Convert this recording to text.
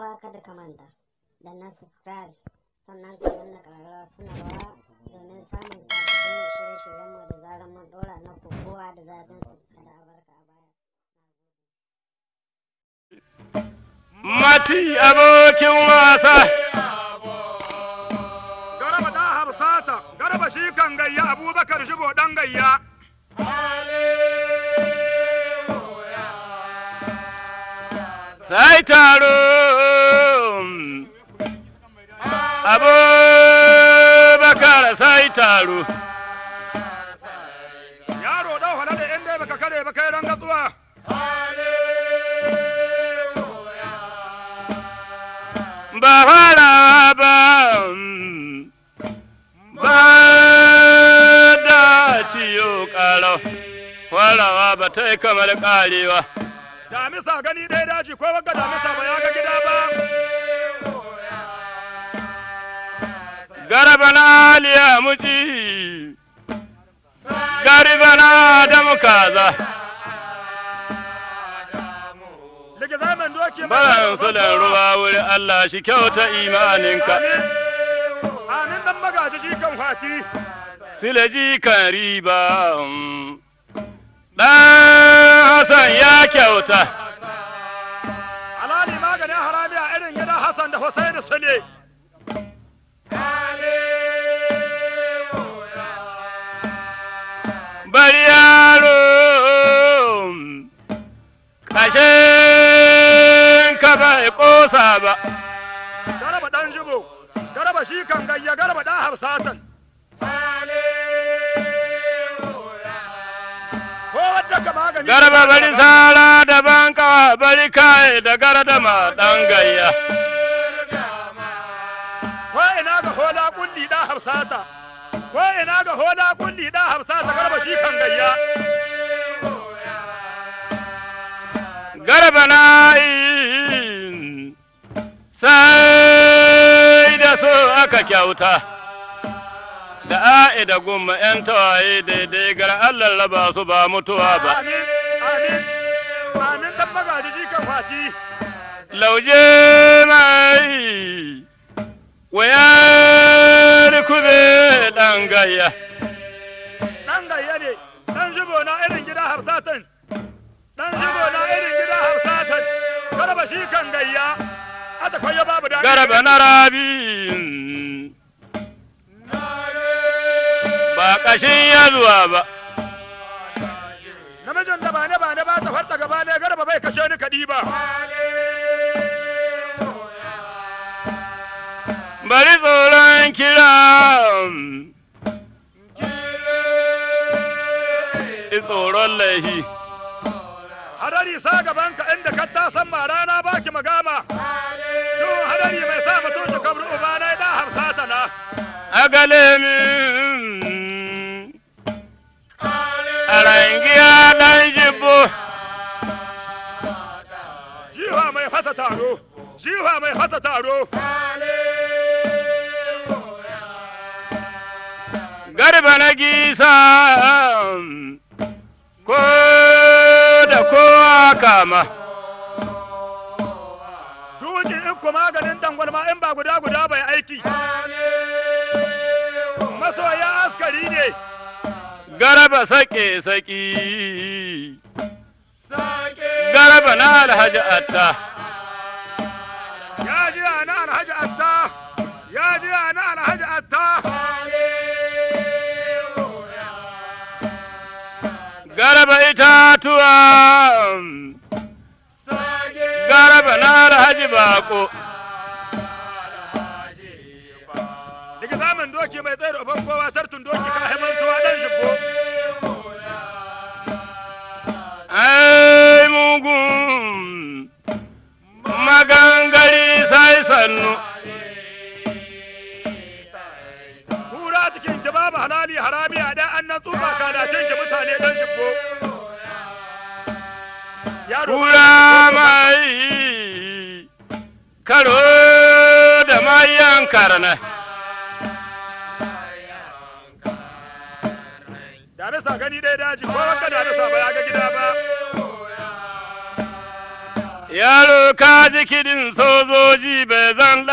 uwa kada ka manta da na subscribe sannan ka danna suna sanarwa domin samun sabbin shirye-shiryenmu da zarar mun na kowa da zafin su kada a a baya. Mati abokin wasa. Garaba Hafsata, garaba shi kan gayya Abubakar Shibo ɗan gayya. taro! abubakar sai taro yaro ɗau halada in dai baka kare ba kai ran ba fara ba ba da ciyo ba ta yi kamar karewa damisa gani ɗaya daji ko baka damisa ba ya ga gida ba garabana liya muci garibana da Bala baran sulan ruwa wuri Allah shi kyauta imaninka amin dan magaji shi kan fati silaji kan riba um. dan Hassan ya kyauta alali maganin harami a irin gidan Hassan da Hussein Sule ba garba dan jibo garba shi kan gayya garba da harsatan garba bari sara da banka bari kai da ma dan gayya ko ina ga hola kulli da harsata, ko ina ga hola kulli da harsata garba shi kan gayya Garaba na kyauta da a'i da gumma 'yan tawaye daidai gar Allah laba su ba mutuwa ba. Lauje mai waya rikube dan gayya. dan gayya ne, dan na irin gida harsatan, na irin rabin. kashin yaduwa ba namijin da ba ne ba ne ba ta farta gaba ne garba bai kashe ni kaɗi ba bari tsoron kira tsoron laihi hadari sa gaban ka inda ka ta san ma rana ba ki magama don hadari mai sa mutum shi kabru ubana da hamsata na agalemi fasa taro jifa mai fasa taro garba na gisa ko da kowa kama duji in ku maganin dangwalma in ba guda guda bai aiki masoya askari ne garba sake saki garba na alhaji atta mutuwa garaba na alhaji bako daga zaman doki mai tsaye da kowa sartun doki ka haiman tuwa shi ko ai mugun magangari sai sannu kura cikin ki babu halali harami a da an na ka kanacin ki mutane shi ko kura mai karo da mayan da gani ya ga gida ba yaro ka ji kidin sojoji bai zan